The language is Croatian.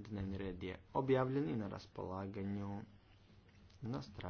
Dnevni red je objavljen i na raspolaganju na strani.